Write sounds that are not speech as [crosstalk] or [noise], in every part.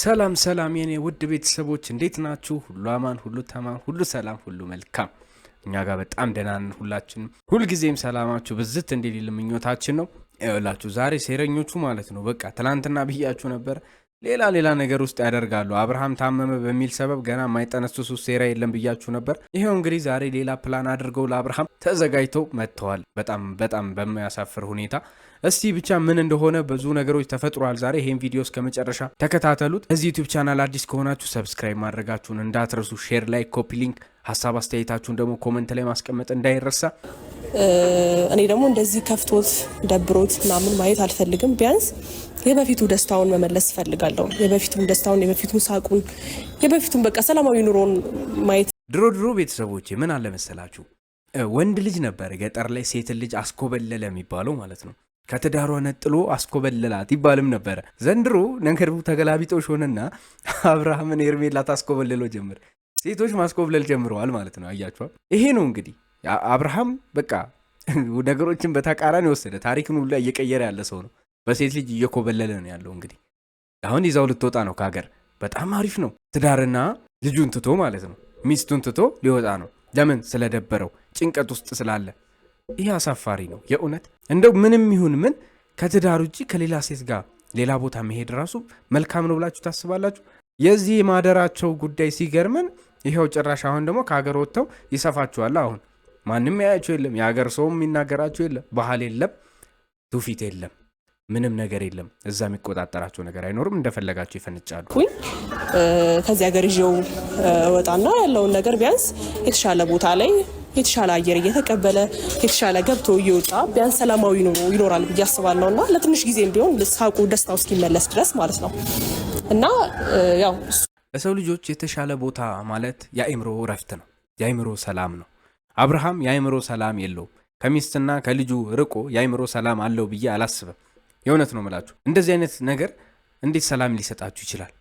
ሰላም ሰላም የኔ ውድ ቤተሰቦች እንዴት ናችሁ? ሁሉ አማን፣ ሁሉ ተማም፣ ሁሉ ሰላም፣ ሁሉ መልካም። እኛ ጋር በጣም ደህና ነን። ሁላችንም ሁልጊዜም ሰላማችሁ ብዝት እንደሌለ ምኞታችን ነው። ይኸውላችሁ ዛሬ ሴረኞቹ ማለት ነው በቃ ትናንትና ብያችሁ ነበር ሌላ ሌላ ነገር ውስጥ ያደርጋሉ። አብርሃም ታመመ በሚል ሰበብ ገና የማይጠነስሱ ሴራ የለም ብያችሁ ነበር። ይሄው እንግዲህ ዛሬ ሌላ ፕላን አድርገው ለአብርሃም ተዘጋጅተው መጥተዋል። በጣም በጣም በሚያሳፍር ሁኔታ እስቲ ብቻ ምን እንደሆነ ብዙ ነገሮች ተፈጥሯል ዛሬ። ይህን ቪዲዮ እስከ መጨረሻ ተከታተሉት። እዚህ ዩቲዩብ ቻናል አዲስ ከሆናችሁ ሰብስክራይብ ማድረጋችሁን እንዳትረሱ። ሼር ላይ ኮፒ ሊንክ ሀሳብ አስተያየታችሁን ደግሞ ኮመንት ላይ ማስቀመጥ እንዳይረሳ። እኔ ደግሞ እንደዚህ ከፍቶት ደብሮት ምናምን ማየት አልፈልግም። ቢያንስ የበፊቱ ደስታውን መመለስ እፈልጋለሁ። የበፊቱን ደስታውን፣ የበፊቱን ሳቁን፣ የበፊቱን በቃ ሰላማዊ ኑሮን ማየት። ድሮ ድሮ ቤተሰቦች ምን አለመሰላችሁ ወንድ ልጅ ነበር ገጠር ላይ ሴትን ልጅ አስኮበለለ የሚባለው ማለት ነው። ከትዳሯ ነጥሎ አስኮበለላት ይባልም ነበረ። ዘንድሮ ነንከድቡ ተገላቢጦሽ ሆነና አብርሃምን ሄርሜላ ታስኮበለለው ጀምር ሴቶች ማስኮብለል ጀምረዋል ማለት ነው። አያችኋል? ይሄ ነው እንግዲህ አብርሃም በቃ ነገሮችን በተቃራኒ ወሰደ። ታሪክን ሁላ እየቀየረ ያለ ሰው ነው። በሴት ልጅ እየኮበለለ ነው ያለው። እንግዲህ አሁን ይዛው ልትወጣ ነው ከሀገር። በጣም አሪፍ ነው። ትዳርና ልጁን ትቶ ማለት ነው ሚስቱን ትቶ ሊወጣ ነው። ለምን? ስለደበረው፣ ጭንቀት ውስጥ ስላለ። ይህ አሳፋሪ ነው የእውነት እንደው ምንም ይሁን ምን ከትዳር ውጭ ከሌላ ሴት ጋር ሌላ ቦታ መሄድ ራሱ መልካም ነው ብላችሁ ታስባላችሁ? የዚህ የማደራቸው ጉዳይ ሲገርመን ይኸው ጭራሽ አሁን ደግሞ ከሀገር ወጥተው ይሰፋችኋል። አሁን ማንም ያያቸው የለም፣ የሀገር ሰውም የሚናገራቸው የለም፣ ባህል የለም፣ ትውፊት የለም፣ ምንም ነገር የለም። እዛ የሚቆጣጠራቸው ነገር አይኖርም። እንደፈለጋቸው ይፈንጫሉ። ከዚህ ሀገር ይዤው ወጣና ያለውን ነገር ቢያንስ የተሻለ ቦታ ላይ የተሻለ አየር እየተቀበለ የተሻለ ገብቶ እየወጣ ቢያንስ ሰላማዊ ኑሮ ይኖራል ብዬ አስባለሁ እና ለትንሽ ጊዜም ቢሆን ሳቁ ደስታው እስኪመለስ ድረስ ማለት ነው እና ያው ለሰው ልጆች የተሻለ ቦታ ማለት የአእምሮ እረፍት ነው፣ የአእምሮ ሰላም ነው። አብርሃም የአእምሮ ሰላም የለውም። ከሚስትና ከልጁ ርቆ የአእምሮ ሰላም አለው ብዬ አላስብም። የእውነት ነው ምላችሁ። እንደዚህ አይነት ነገር እንዴት ሰላም ሊሰጣችሁ ይችላል?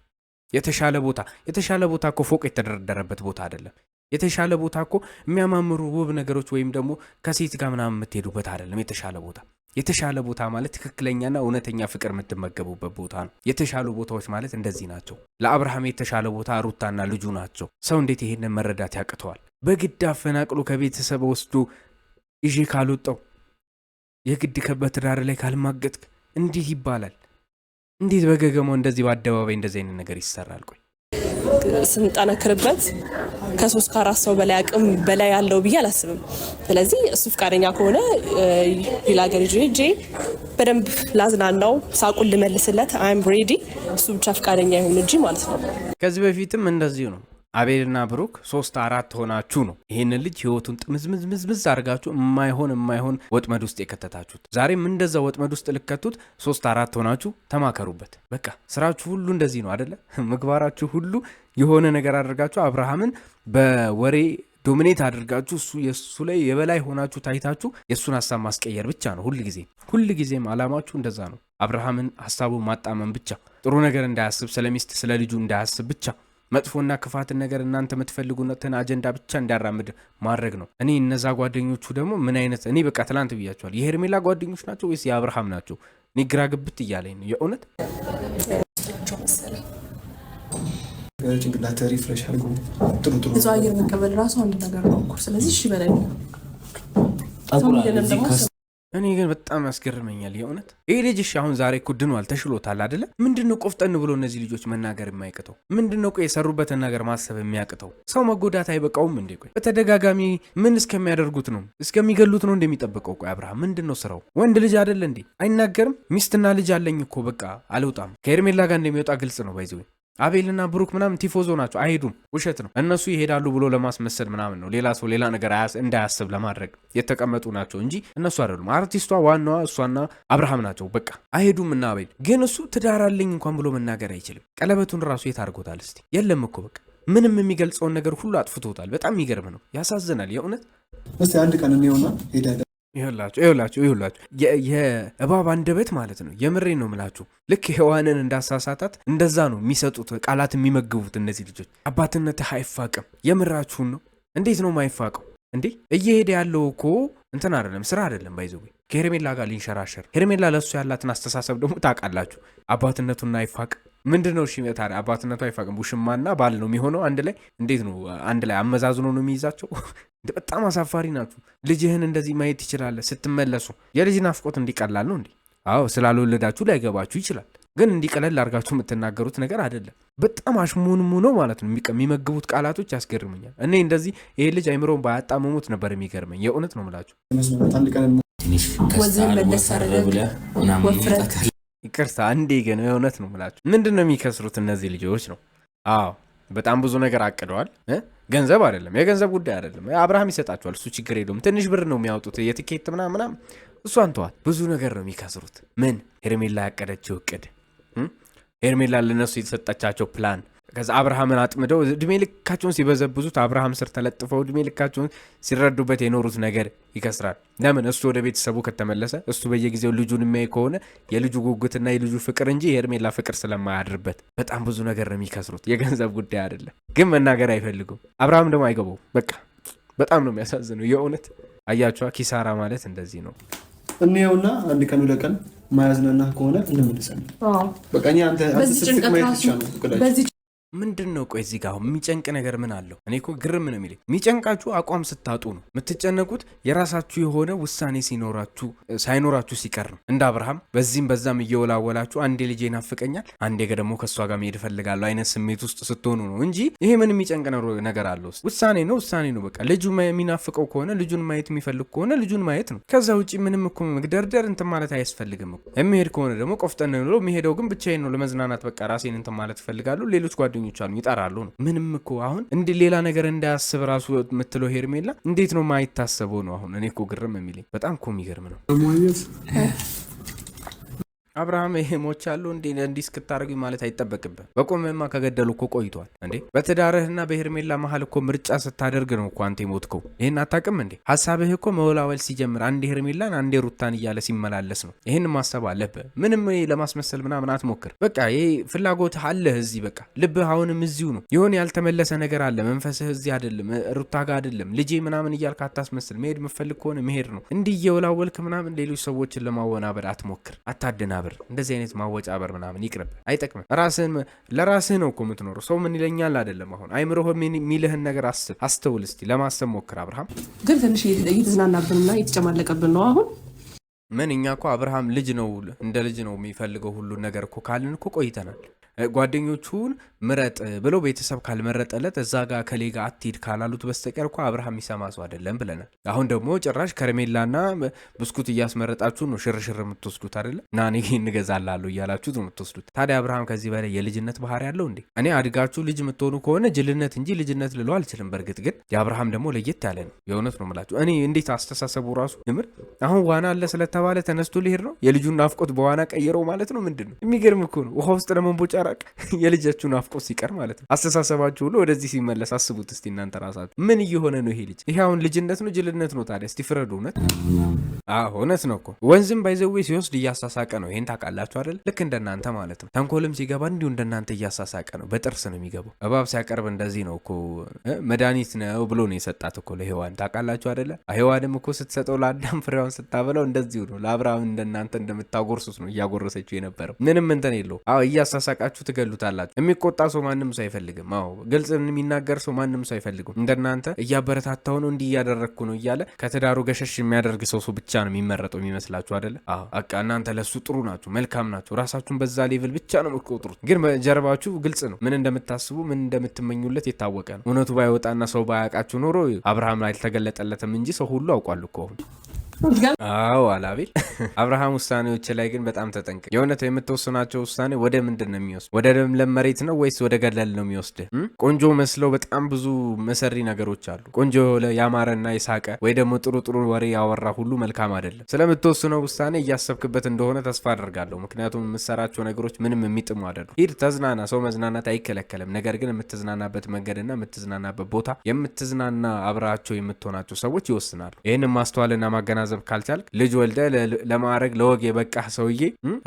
የተሻለ ቦታ የተሻለ ቦታ እኮ ፎቅ የተደረደረበት ቦታ አይደለም። የተሻለ ቦታ እኮ የሚያማምሩ ውብ ነገሮች ወይም ደግሞ ከሴት ጋር ምናምን የምትሄዱበት አይደለም የተሻለ ቦታ የተሻለ ቦታ ማለት ትክክለኛና እውነተኛ ፍቅር የምትመገቡበት ቦታ ነው። የተሻሉ ቦታዎች ማለት እንደዚህ ናቸው። ለአብርሃም የተሻለ ቦታ ሩታና ልጁ ናቸው። ሰው እንዴት ይሄንን መረዳት ያቅተዋል? በግድ አፈናቅሎ ከቤተሰብ ወስዶ ይዤ ካልወጣው የግድ ዳር ላይ ካልማገጥክ እንዴት ይባላል? እንዴት በገገማው እንደዚህ በአደባባይ እንደዚህ አይነት ነገር ይሰራል? ቆይ ስንጠነክርበት ከሶስት ከአራት ሰው በላይ አቅም በላይ አለው ብዬ አላስብም። ስለዚህ እሱ ፈቃደኛ ከሆነ ሌላ ሀገር ሄጄ በደንብ ላዝናናው፣ ሳቁን ልመልስለት፣ አይም ሬዲ እሱ ብቻ ፈቃደኛ ይሁን እንጂ ማለት ነው። ከዚህ በፊትም እንደዚሁ ነው። አቤልና ብሩክ ሶስት አራት ሆናችሁ ነው ይህንን ልጅ ህይወቱን ጥምዝምዝምዝምዝ አድርጋችሁ የማይሆን የማይሆን ወጥመድ ውስጥ የከተታችሁት። ዛሬም እንደዛ ወጥመድ ውስጥ ልከቱት። ሶስት አራት ሆናችሁ ተማከሩበት። በቃ ስራችሁ ሁሉ እንደዚህ ነው አደለ? [laughs] ምግባራችሁ ሁሉ የሆነ ነገር አድርጋችሁ አብርሃምን በወሬ ዶሚኔት አድርጋችሁ እሱ የእሱ ላይ የበላይ ሆናችሁ ታይታችሁ የእሱን ሀሳብ ማስቀየር ብቻ ነው። ሁል ጊዜ ሁል ጊዜም አላማችሁ እንደዛ ነው። አብርሃምን ሀሳቡ ማጣመም ብቻ፣ ጥሩ ነገር እንዳያስብ፣ ስለ ሚስት ስለ ልጁ እንዳያስብ ብቻ፣ መጥፎና ክፋትን ነገር እናንተ የምትፈልጉትን አጀንዳ ብቻ እንዳራምድ ማድረግ ነው። እኔ እነዛ ጓደኞቹ ደግሞ ምን አይነት እኔ በቃ ትላንት ብያቸዋል። የሄርሜላ ጓደኞች ናቸው ወይስ የአብርሃም ናቸው? እኔ ግራ ግብት እያለኝ ነው የእውነት ጭንቅላት ሪፍሬሽ አድርጎ ጥሩ ጥሩ እዛ አየር መቀበል ራሱ አንድ ነገር ነው እኮ። ስለዚህ እሺ እኔ ግን በጣም ያስገርመኛል የእውነት ይህ ልጅ እሺ፣ አሁን ዛሬ እኮ ድኗል፣ ተሽሎታል ምንድን ምንድነው ቆፍጠን ብሎ እነዚህ ልጆች መናገር የማይቅተው? ምንድነው ነው የሰሩበትን ነገር ማሰብ የሚያቅተው? ሰው መጎዳት አይበቃውም እንዴ? ቆይ በተደጋጋሚ ምን እስከሚያደርጉት ነው? እስከሚገሉት ነው እንደሚጠብቀው? ቆይ አብርሃም ምንድን ነው ስራው? ወንድ ልጅ አደለ እንዴ? አይናገርም? ሚስትና ልጅ አለኝ እኮ በቃ አልወጣም። ከኤርሜላ ጋር እንደሚወጣ ግልጽ ነው። ባይዘወይ አቤልና ብሩክ ምናምን ቲፎዞ ናቸው፣ አይሄዱም፣ ውሸት ነው። እነሱ ይሄዳሉ ብሎ ለማስመሰል ምናምን ነው፣ ሌላ ሰው ሌላ ነገር እንዳያስብ ለማድረግ የተቀመጡ ናቸው እንጂ እነሱ አይደሉም። አርቲስቷ ዋናዋ እሷና አብርሃም ናቸው፣ በቃ አይሄዱም። እና አቤል ግን እሱ ትዳራለኝ እንኳን ብሎ መናገር አይችልም። ቀለበቱን ራሱ የት አድርጎታል እስቲ? የለም እኮ በቃ ምንም የሚገልጸውን ነገር ሁሉ አጥፍቶታል። በጣም የሚገርም ነው፣ ያሳዝናል የእውነት። እስቲ አንድ ቀን ሆና ሄዳለ ይኸውላችሁ ይኸውላችሁ ይኸውላችሁ የእባብ አንደበት ማለት ነው። የምሬ ነው ምላችሁ። ልክ ሔዋንን እንዳሳሳታት እንደዛ ነው የሚሰጡት ቃላት የሚመግቡት እነዚህ ልጆች። አባትነት አይፋቅም። የምራችሁን ነው። እንዴት ነው ማይፋቀው እንዴ? እየሄደ ያለው እኮ እንትን አይደለም ስራ አይደለም ባይዘ ከሄርሜላ ጋር ሊንሸራሸር ሄርሜላ ለእሱ ያላትን አስተሳሰብ ደግሞ ታውቃላችሁ። አባትነቱና አይፋቅ ምንድን ነው? እሺ ታዲያ አባትነቱ አይፋቅም። ውሽማና ባል ነው የሚሆነው አንድ ላይ። እንዴት ነው አንድ ላይ አመዛዝኖ ነው የሚይዛቸው? በጣም አሳፋሪ ናችሁ። ልጅህን እንደዚህ ማየት ትችላለህ ስትመለሱ። የልጅ ናፍቆት እንዲቀላል ነው እንዴ? አዎ ስላልወለዳችሁ ላይገባችሁ ይችላል፣ ግን እንዲቀለል አድርጋችሁ የምትናገሩት ነገር አይደለም። በጣም አሽሙንሙ ነው ማለት ነው። የሚመግቡት ቃላቶች ያስገርምኛል። እኔ እንደዚህ ይሄ ልጅ አይምሮን ባያጣመሙት ነበር የሚገርመኝ። የእውነት ነው የምላችሁ። ይቅርታ እንዴ ግን እውነት ነው ምላችሁ። ምንድን ነው የሚከስሩት እነዚህ ልጆች ነው? አዎ በጣም ብዙ ነገር አቅደዋል። ገንዘብ አይደለም የገንዘብ ጉዳይ አይደለም። አብርሃም ይሰጣቸዋል፣ እሱ ችግር የለውም። ትንሽ ብር ነው የሚያወጡት የትኬት ምናምን ምናምን፣ እሱ አንተዋል። ብዙ ነገር ነው የሚከስሩት። ምን ሄርሜላ ያቀደችው እቅድ፣ ሄርሜላ ለነሱ የተሰጠቻቸው ፕላን ከዛ አብርሃምን አጥምደው እድሜ ልካቸውን ሲበዘብዙት አብርሃም ስር ተለጥፈው እድሜ ልካቸውን ሲረዱበት የኖሩት ነገር ይከስራል። ለምን እሱ ወደ ቤተሰቡ ከተመለሰ እሱ በየጊዜው ልጁን የሚያይ ከሆነ የልጁ ጉጉትና የልጁ ፍቅር እንጂ የሄርሜላ ፍቅር ስለማያድርበት በጣም ብዙ ነገር ነው የሚከስሩት። የገንዘብ ጉዳይ አይደለም፣ ግን መናገር አይፈልጉም። አብርሃም ደግሞ አይገባው። በቃ በጣም ነው የሚያሳዝነው። የእውነት አያቸዋ ኪሳራ ማለት እንደዚህ ነው። እንየውና አንድ ቀን ሁለት ቀን ከሆነ እንመልሳለን። በቃ አንተ ምንድን ነው ቆይ እዚህ ጋር የሚጨንቅ ነገር ምን አለው? እኔ እኮ ግርም ነው የሚለኝ። የሚጨንቃችሁ አቋም ስታጡ ነው የምትጨነቁት። የራሳችሁ የሆነ ውሳኔ ሲኖራችሁ ሳይኖራችሁ ሲቀር ነው። እንደ አብርሃም በዚህም በዛም እየወላወላችሁ አንዴ ልጄ ይናፍቀኛል፣ አንዴ ደግሞ ከእሷ ጋር መሄድ እፈልጋለሁ አይነት ስሜት ውስጥ ስትሆኑ ነው እንጂ ይሄ ምን የሚጨንቅ ነገር አለው? ውሳኔ ነው ውሳኔ ነው በቃ። ልጁ የሚናፍቀው ከሆነ ልጁን ማየት የሚፈልግ ከሆነ ልጁን ማየት ነው። ከዛ ውጭ ምንም እኮ መግደርደር እንትን ማለት አያስፈልግም እኮ። የሚሄድ ከሆነ ደግሞ ቆፍጠን ነው የሚሄደው ግን ብቻዬን ነው ለመዝናናት በቃ ራሴን እንትን ማለት እፈልጋለሁ ሌሎች ጓደኞ ጓደኞች አሉ ይጠራሉ ነው። ምንም እኮ አሁን እንዲ ሌላ ነገር እንዳያስብ ራሱ የምትለው ሄርሜላ እንዴት ነው ማይታሰበው ነው። አሁን እኔ እኮ ግርም የሚለኝ በጣም እኮ የሚገርም ነው። አብርሃም ይሄ ሞቻለሁ እንዴ እንዲህ እስክታደርጉኝ ማለት አይጠበቅብህ። በቆመማ ከገደሉ እኮ ቆይቷል እንዴ። በትዳርህና በሄርሜላ መሀል እኮ ምርጫ ስታደርግ ነው እኮ አንተ የሞትከው። ይህን አታውቅም እንዴ? ሀሳብህ እኮ መወላወል ሲጀምር አንዴ ሄርሜላን አንዴ ሩታን እያለ ሲመላለስ ነው። ይህን ማሰብ አለብህ። ምንም ለማስመሰል ምናምን አትሞክር። በቃ ይሄ ፍላጎትህ አለህ እዚህ በቃ ልብህ አሁንም እዚሁ ነው። ይሆን ያልተመለሰ ነገር አለ። መንፈስህ እዚህ አይደለም፣ ሩታ ጋር አይደለም፣ ልጄ ምናምን እያልክ አታስመስል። መሄድ የምፈልግ ከሆነ መሄድ ነው። እንዲህ እየወላወልክ ምናምን ሌሎች ሰዎችን ለማወናበድ አትሞክር፣ አታደናበ ብር እንደዚህ አይነት ማወጫ ብር ምናምን ይቅርብ፣ አይጠቅምም። ራስህን ለራስህ ነው እኮ የምትኖረው። ሰው ምን ይለኛል አይደለም። አሁን አይምሮህ የሚልህን ነገር አስብ፣ አስተውል፣ እስቲ ለማሰብ ሞክር። አብርሃም ግን ትንሽ እየተዝናናብንና እየተጨማለቀብን ነው አሁን ምን እኛ እኮ አብርሃም ልጅ ነው እንደ ልጅ ነው የሚፈልገው ሁሉ ነገር እኮ ካልን እኮ ቆይተናል። ጓደኞቹን ምረጥ ብሎ ቤተሰብ ካልመረጠለት እዛ ጋ ከሌጋ አትሂድ ካላሉት በስተቀር እኮ አብርሃም ይሰማ ሰው አይደለም ብለናል። አሁን ደግሞ ጭራሽ ከረሜላና ብስኩት እያስመረጣችሁ ነው ሽርሽር የምትወስዱት አይደለም። ና እኔ እንገዛላለሁ እያላችሁት ነው የምትወስዱት። ታዲያ አብርሃም ከዚህ በላይ የልጅነት ባህሪ ያለው እንዴ? እኔ አድጋችሁ ልጅ የምትሆኑ ከሆነ ጅልነት እንጂ ልጅነት ልሎ አልችልም። በእርግጥ ግን የአብርሃም ደግሞ ለየት ያለ ነው። የእውነት ነው የምላችሁ። እኔ እንዴት አስተሳሰቡ ራሱ ምር አሁን ዋና አለ ስለተባለ ተነስቶ ሊሄድ ነው። የልጁን ናፍቆት በዋና ቀይረው ማለት ነው። ምንድን ነው የሚገርም እኮ ነው። ውሃ ውስጥ ለመንቦጫ መራቅ [laughs] የልጃችሁን አፍቆ ሲቀር ማለት ነው። አስተሳሰባችሁ ሁሉ ወደዚህ ሲመለስ አስቡት እስቲ እናንተ ራሳችሁ ምን እየሆነ ነው ይሄ ልጅ? ይሄ አሁን ልጅነት ነው ጅልነት ነው ታዲያ? እስቲ ፍረዱ። እውነት እውነት ነው እኮ ወንዝም ባይዘዌ ሲወስድ እያሳሳቀ ነው። ይሄን ታውቃላችሁ አይደል? ልክ እንደናንተ ማለት ነው። ተንኮልም ሲገባ እንዲሁ እንደናንተ እያሳሳቀ ነው። በጥርስ ነው የሚገባው። እባብ ሲያቀርብ እንደዚህ ነው እኮ መድኃኒት ነው ብሎ ነው የሰጣት እኮ ለሔዋን ታውቃላችሁ አይደለ? ሔዋንም እኮ ስትሰጠው ለአዳም ፍሬዋን ስታበላው እንደዚሁ ነው። ለአብርሃም እንደናንተ እንደምታጎርሱት ነው እያጎረሰችው የነበረው። ምንም እንትን የለው። አዎ እያሳሳቃችሁ አድርጋችሁ ትገሉታላችሁ። የሚቆጣ ሰው ማንም ሰው አይፈልግም። አዎ ግልጽ የሚናገር ሰው ማንም ሰው አይፈልግም። እንደናንተ እያበረታታው ነው እንዲህ እያደረግኩ ነው እያለ ከትዳሩ ገሸሽ የሚያደርግ ሰው ሰው ብቻ ነው የሚመረጠው የሚመስላችሁ አደለ? አዎ በቃ እናንተ ለሱ ጥሩ ናችሁ፣ መልካም ናችሁ። ራሳችሁን በዛ ሌቭል ብቻ ነው የምትቆጥሩት። ግን ጀርባችሁ ግልጽ ነው። ምን እንደምታስቡ ምን እንደምትመኙለት የታወቀ ነው። እውነቱ ባይወጣና ሰው ባያውቃችሁ ኖሮ አብርሃም ላይ አልተገለጠለትም እንጂ ሰው ሁሉ አውቋል እኮ አሁን አዎ አላቢል አብርሃም ውሳኔዎች ላይ ግን በጣም ተጠንቀ የእውነት የምትወስናቸው ውሳኔ ወደ ምንድን ነው የሚወስድ? ወደ ለምለም መሬት ነው ወይስ ወደ ገለል ነው የሚወስድ? ቆንጆ መስለው በጣም ብዙ መሰሪ ነገሮች አሉ። ቆንጆ ያማረና የሳቀ ወይ ደግሞ ጥሩ ጥሩ ወሬ ያወራ ሁሉ መልካም አይደለም። ስለምትወስነው ውሳኔ እያሰብክበት እንደሆነ ተስፋ አደርጋለሁ። ምክንያቱም የምሰራቸው ነገሮች ምንም የሚጥሙ አይደሉም። ሂድ ተዝናና። ሰው መዝናናት አይከለከልም። ነገር ግን የምትዝናናበት መንገድና የምትዝናናበት ቦታ፣ የምትዝናና አብራቸው የምትሆናቸው ሰዎች ይወስናሉ። ይህንም ማስተዋልና ማገናዘ ማገናዘብ ካልቻልክ ልጅ ወልደ ለማዕረግ ለወግ የበቃህ ሰውዬ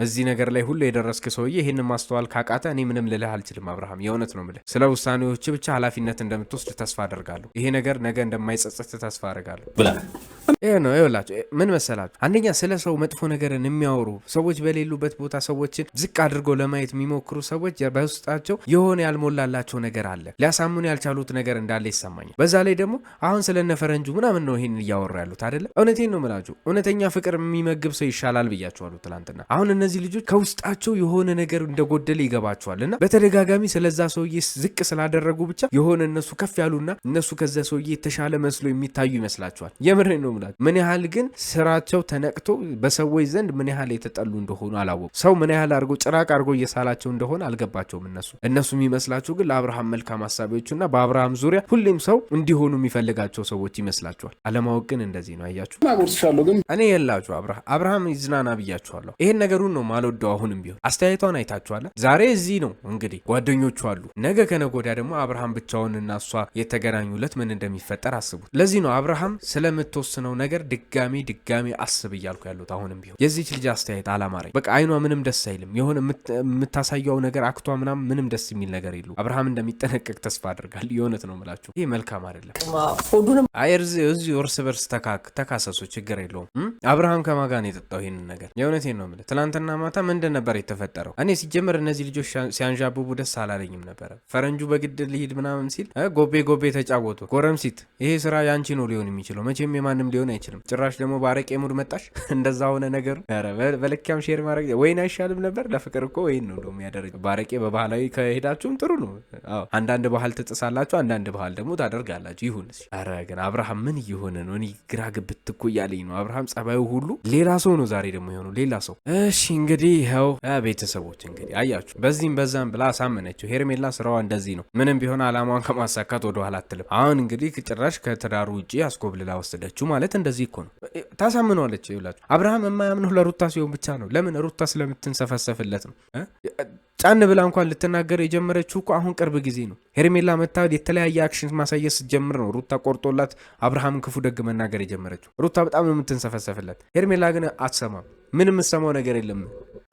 እዚህ ነገር ላይ ሁሉ የደረስክ ሰውዬ ይህን ማስተዋል ካቃተ እኔ ምንም ልልህ አልችልም። አብርሃም የእውነት ነው ምልህ። ስለ ውሳኔዎች ብቻ ኃላፊነት እንደምትወስድ ተስፋ አደርጋለሁ። ይሄ ነገር ነገ እንደማይጸጸት ተስፋ አደርጋለሁ። ይህ ነው ይውላችሁ፣ ምን መሰላችሁ፣ አንደኛ ስለ ሰው መጥፎ ነገርን የሚያወሩ ሰዎች በሌሉበት ቦታ ሰዎችን ዝቅ አድርገው ለማየት የሚሞክሩ ሰዎች በውስጣቸው የሆነ ያልሞላላቸው ነገር አለ፣ ሊያሳምኑ ያልቻሉት ነገር እንዳለ ይሰማኛል። በዛ ላይ ደግሞ አሁን ስለነ ፈረንጁ ምናምን ነው ይሄን እያወሩ ያሉት አይደለም። እውነቴን ነው ምላችሁ እውነተኛ ፍቅር የሚመግብ ሰው ይሻላል ብያቸዋሉ ትላንትና። አሁን እነዚህ ልጆች ከውስጣቸው የሆነ ነገር እንደጎደለ ይገባቸዋል እና በተደጋጋሚ ስለዛ ሰውዬ ዝቅ ስላደረጉ ብቻ የሆነ እነሱ ከፍ ያሉና እነሱ ከዛ ሰውዬ የተሻለ መስሎ የሚታዩ ይመስላቸዋል። የምር ነው ምላችሁ። ምን ያህል ግን ስራቸው ተነቅቶ በሰዎች ዘንድ ምን ያህል የተጠሉ እንደሆኑ አላወቁ። ሰው ምን ያህል አድርጎ ጭራቅ አድርጎ እየሳላቸው እንደሆነ አልገባቸውም። እነሱ እነሱ የሚመስላችሁ ግን ለአብርሃም መልካም ሀሳቢዎቹና በአብርሃም ዙሪያ ሁሌም ሰው እንዲሆኑ የሚፈልጋቸው ሰዎች ይመስላቸዋል። አለማወቅ ግን እንደዚህ ነው። አያችሁ ትችላለሁ። ግን እኔ የላችሁ አብርሃ አብርሃም ይዝናና ብያችኋለሁ። ይሄን ነገሩን ነው ማልወደው። አሁንም ቢሆን አስተያየቷን አይታችኋለ። ዛሬ እዚህ ነው እንግዲህ ጓደኞቹ አሉ። ነገ ከነገ ወዲያ ደግሞ አብርሃም ብቻውን እና እሷ የተገናኙለት ምን እንደሚፈጠር አስቡት። ለዚህ ነው አብርሃም ስለምትወስነው ነገር ድጋሚ ድጋሚ አስብ እያልኩ ያሉት። አሁንም ቢሆን የዚች ልጅ አስተያየት አላማረኝ። በቃ አይኗ ምንም ደስ አይልም። የሆነ የምታሳየው ነገር አክቷ ምናም ምንም ደስ የሚል ነገር የሉ። አብርሃም እንደሚጠነቀቅ ተስፋ አድርጋል። የእውነት ነው ምላችሁ ይህ መልካም አይደለም። እርስ በርስ ተካሰሱ ችግር ችግር የለውም። አብርሃም ከማጋን የጠጣው ይህንን ነገር። የእውነቴን ነው የምልህ። ትናንትና ማታ ምንድን ነበር የተፈጠረው? እኔ ሲጀምር እነዚህ ልጆች ሲያንዣብቡ ደስ አላለኝም ነበረ። ፈረንጁ በግድ ሊሄድ ምናምን ሲል ጎቤ ጎቤ ተጫወቱ። ጎረምሲት፣ ይሄ ስራ ያንቺ ነው ሊሆን የሚችለው መቼም የማንም ሊሆን አይችልም። ጭራሽ ደግሞ በአረቄ ሙድ መጣሽ። [laughs] እንደዛ ሆነ ነገሩ። በልኪያም ሼር ማድረግ ወይን አይሻልም ነበር? ለፍቅር እኮ ወይን ነው ደሞ ያደረገው። በአረቄ በባህላዊ ከሄዳችሁም ጥሩ ነው። አንዳንድ ባህል ትጥሳላችሁ፣ አንዳንድ ባህል ደግሞ ታደርጋላችሁ። ይሁን። ኧረ ግን አብርሃም ምን እየሆነ ነው? እኔ ግራ ግብት እኮ እያለ የሚለይ ነው። አብርሃም ጸባዩ ሁሉ ሌላ ሰው ነው። ዛሬ ደግሞ የሆነው ሌላ ሰው። እሺ እንግዲህ ይኸው ቤተሰቦች እንግዲህ አያችሁ፣ በዚህም በዛም ብላ አሳመነችው። ሄርሜላ ስራዋ እንደዚህ ነው። ምንም ቢሆን አላማዋን ከማሳካት ወደ ኋላ አትልም። አሁን እንግዲህ ጭራሽ ከትዳሩ ውጭ አስኮብልላ ወሰደችው ማለት እንደዚህ እኮ ነው። ታሳምነዋለች። ይላችሁ አብርሃም የማያምነው ለሩታ ሲሆን ብቻ ነው። ለምን ሩታ ስለምትንሰፈሰፍለት ነው። ጫን ብላ እንኳን ልትናገር የጀመረችው እኮ አሁን ቅርብ ጊዜ ነው። ሄርሜላ መታ የተለያየ አክሽን ማሳየት ስትጀምር ነው ሩታ ቆርጦላት አብርሃምን ክፉ ደግ መናገር የጀመረችው። ሩታ በጣም ነው የምትንሰፈሰፍለት። ሄርሜላ ግን አትሰማም። ምን የምትሰማው ነገር የለም።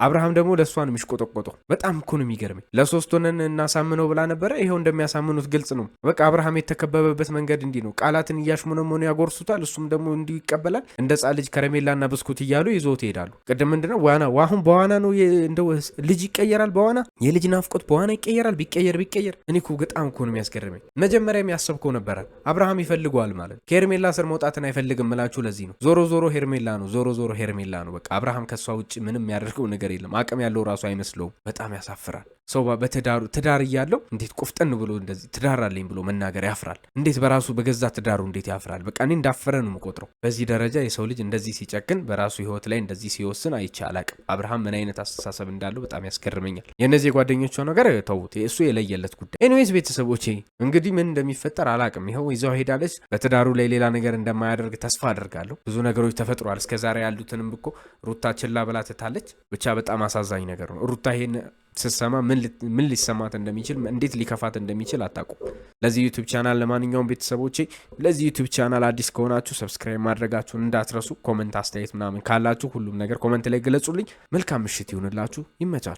አብርሃም ደግሞ ለእሷን የሚሽቆጠቆጠው በጣም እኮ ነው የሚገርመኝ። ለሶስት ሆነን እናሳምነው ብላ ነበረ። ይኸው እንደሚያሳምኑት ግልጽ ነው። በቃ አብርሃም የተከበበበት መንገድ እንዲህ ነው። ቃላትን እያሽሞነሞኑ ያጎርሱታል፣ እሱም ደግሞ እንዲሁ ይቀበላል። እንደ ሕፃን ልጅ ከረሜላና ብስኩት እያሉ ይዞት ይሄዳሉ። ቅድም ምንድነው ዋና አሁን በዋና ነው እንደው ልጅ ይቀየራል። በዋና የልጅ ናፍቆት በዋና ይቀየራል። ቢቀየር ቢቀየር እኔ እኮ በጣም እኮ ነው የሚያስገርመኝ። መጀመሪያም ያሰብከው ነበረ አብርሃም ይፈልገዋል ማለት ከሄርሜላ ስር መውጣትን አይፈልግም ምላችሁ። ለዚህ ነው ዞሮ ዞሮ ሄርሜላ ነው ዞሮ ዞሮ ሄርሜላ ነው። በቃ አብርሃም ከእሷ ውጭ ምንም የሚያደርገው ነገር ነገር የለም። አቅም ያለው ራሱ አይመስለውም። በጣም ያሳፍራል። ሰው በትዳሩ ትዳር እያለው እንዴት ቁፍጠን ብሎ እንደዚህ ትዳር አለኝ ብሎ መናገር ያፍራል። እንዴት በራሱ በገዛ ትዳሩ እንዴት ያፍራል። በቃ እኔ እንዳፈረ ነው የምቆጥረው። በዚህ ደረጃ የሰው ልጅ እንደዚህ ሲጨክን፣ በራሱ ህይወት ላይ እንደዚህ ሲወስን አይቼ አላቅም። አብርሃም ምን አይነት አስተሳሰብ እንዳለው በጣም ያስገርመኛል። የእነዚህ የጓደኞቿ ነገር ተውት፣ እሱ የለየለት ጉዳይ። ኤኒዌይስ ቤተሰቦቼ እንግዲህ ምን እንደሚፈጠር አላቅም። ይኸው ይዘው ሄዳለች። በትዳሩ ላይ ሌላ ነገር እንደማያደርግ ተስፋ አድርጋለሁ። ብዙ ነገሮች ተፈጥሯል። እስከዛሬ ያሉትንም እኮ ሩታ ችላ ብላ ትታለች። ብቻ በጣም አሳዛኝ ነገር ነው ሩታ ይሄን ስትሰማ ምን ሊሰማት እንደሚችል እንዴት ሊከፋት እንደሚችል አታውቁም። ለዚህ ዩቱብ ቻናል ለማንኛውም ቤተሰቦቼ ለዚህ ዩቱብ ቻናል አዲስ ከሆናችሁ ሰብስክራይብ ማድረጋችሁን እንዳትረሱ። ኮመንት፣ አስተያየት ምናምን ካላችሁ ሁሉም ነገር ኮመንት ላይ ግለጹልኝ። መልካም ምሽት ይሁንላችሁ። ይመቻችሁ።